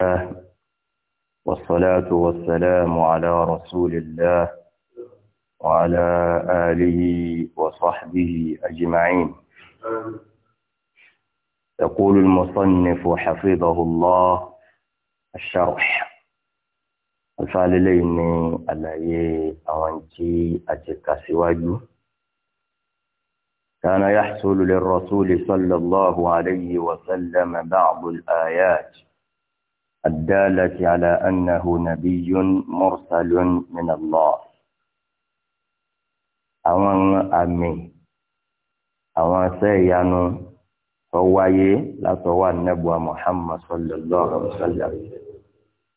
الله والصلاة والسلام على رسول الله وعلى آله وصحبه أجمعين يقول المصنف حفظه الله الشرح ليني على أوانتي أتكا سواجه كان يحصل للرسول صلى الله عليه وسلم بعض الآيات الدالة على أنه نبي مرسل من الله àwọn àmì àwọn asẹ́ ìyanu tó wáyé látọwọ́ anábùa Muhammad sallallahu alaihi wa sallam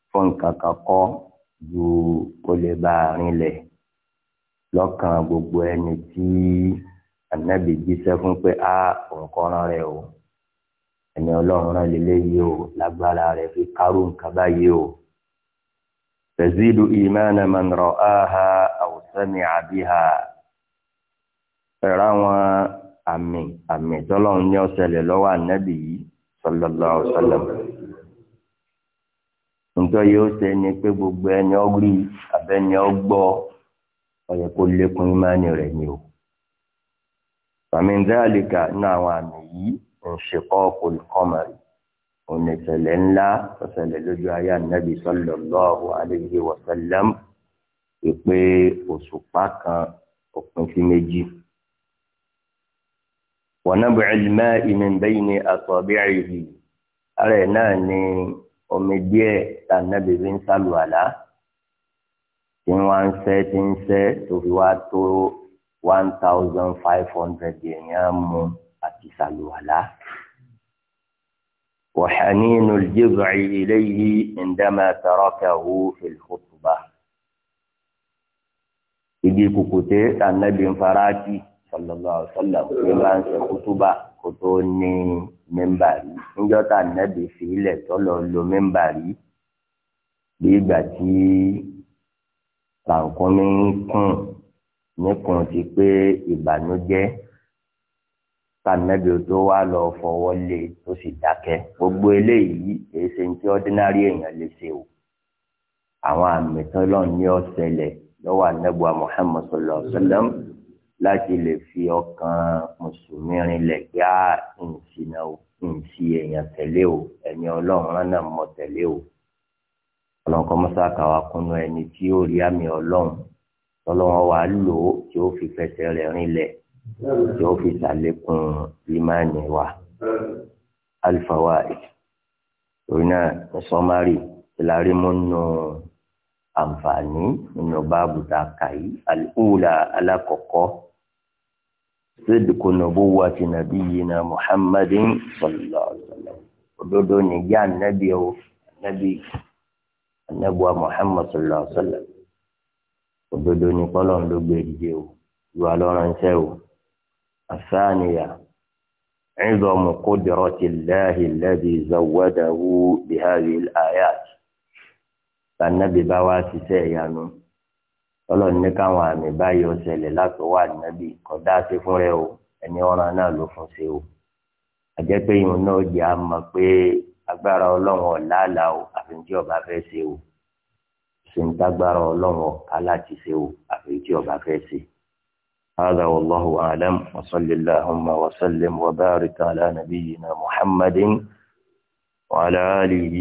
fún nǹkan kan kọ́ ju kó lè bá a rinlẹ̀ lọ́kàn gbogbo ẹni tí anábì jíṣẹ́ fún pé a òǹkọ́ran rẹ̀ o. ẹni ọlọ́run rán lélẹ́ o lágbára rẹ̀ fi kárò nǹkan báyìí o. tazidu imana man ra'aha aw sami'a ẹ̀rọ àwọn àmì àmì tọ́lọ́run ní ọ̀sẹ̀lẹ̀ lọ́wọ́ ànábì yìí nǹkan yóò ṣe ni pé gbogbo ẹni ọgbí abẹ́ni ọgbọ́ ọyẹ kó lékún ìmánì rẹ̀ ni o. fàmí ń dálìkà ní àwọn àmì yìí انشقاق القمر ونسلẹ̀ ńlá ọ̀sẹ̀lẹ̀ lójú ayé ànábì sallallahu alayhi wa sallam ìpè òṣùpá kan òpin sí méjì. wa nab'il ma'i min bayni asabi'ihi ara ẹ̀ náà ni omi díẹ̀ tá ànábì fi ń sálù àlá tí wọ́n ń sẹ́ tí ń sẹ́ tó fi wá tó one thousand five hundred yẹn á mú un àti sàlùwàlá. وحنين الجذع إليه عندما تركه في الخطبة igi kùkùté tànàbí nfarati sallallahu alaihi wasallam ní bá ń ṣe kútúbà kó tó ní mẹ́mbàrí níjọ́ tànàbí fìlẹ̀ tó lọ lo mẹ́mbàrí tí kàǹkún mi ń kùn ti pé ìbànújẹ́ kànẹ́bí tó wá lọ fọwọ́ lé e tó sì dákẹ́ gbogbo eléyìí èsì tí ordinary èèyàn lè ṣe o àwọn àmì tán lọ ní ọ̀sẹ̀lẹ̀ lọ́wọ́ anábùa Muhammad sallallahu alaihi wasallam láti lè fi ọkàn mùsùlùmí rinlẹ̀ pé á ìǹsìnà o ìǹsì èèyàn tẹ̀lé o ẹni ọlọ́run rán mọ̀ tẹ̀lé o ọlọ́run mọ́sá kàwá kúnnú ẹni tí yóò rí àmì ọlọ́run tọ́lọ́wọ́n wàá lò ó tí ó fi fẹsẹ̀ rẹ̀ rinlẹ̀ yóò fi sàlékún ìmánì wa alfawaid torí náà sọmárì ìlàrí mú nù àǹfààní nínú báàbù tá a kà yìí alùpùpùlà alákọ̀ọ́kọ́ sídìkù nùbúwà ti nàbí yìí na muhammadin sallallahu alaihi wa sallam òdodo nìyá nàbí o nàbí anabuwa muhammad sallallahu alaihi wa sallam ló gbé dìde o ìwà lọ́rọ̀ ń o. الثانية عظم قدرة الله الذي زوده بهذه الآيات فالنبي بواسي سيئانو ọlọ́run ní káwọn àmì báyìí ó ṣẹlẹ̀ látọ̀ wà nábì kọ̀dá sí fún rẹ o ẹni ọ̀ràn náà ló fún ṣe o àjẹ́ pé ìhun náà jẹ́ a mọ̀ pé agbára ọlọ́run ọ̀làlà o àfi tí ọba fẹ́ ṣe o ṣèǹtàgbára ọlọ́run ọ̀ká láti ṣe o àfi tí ọba fẹ́ ṣe o. هذا والله أعلم وصل اللهم وسلم وبارك على نبينا محمد وعلى آله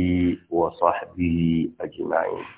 وصحبه أجمعين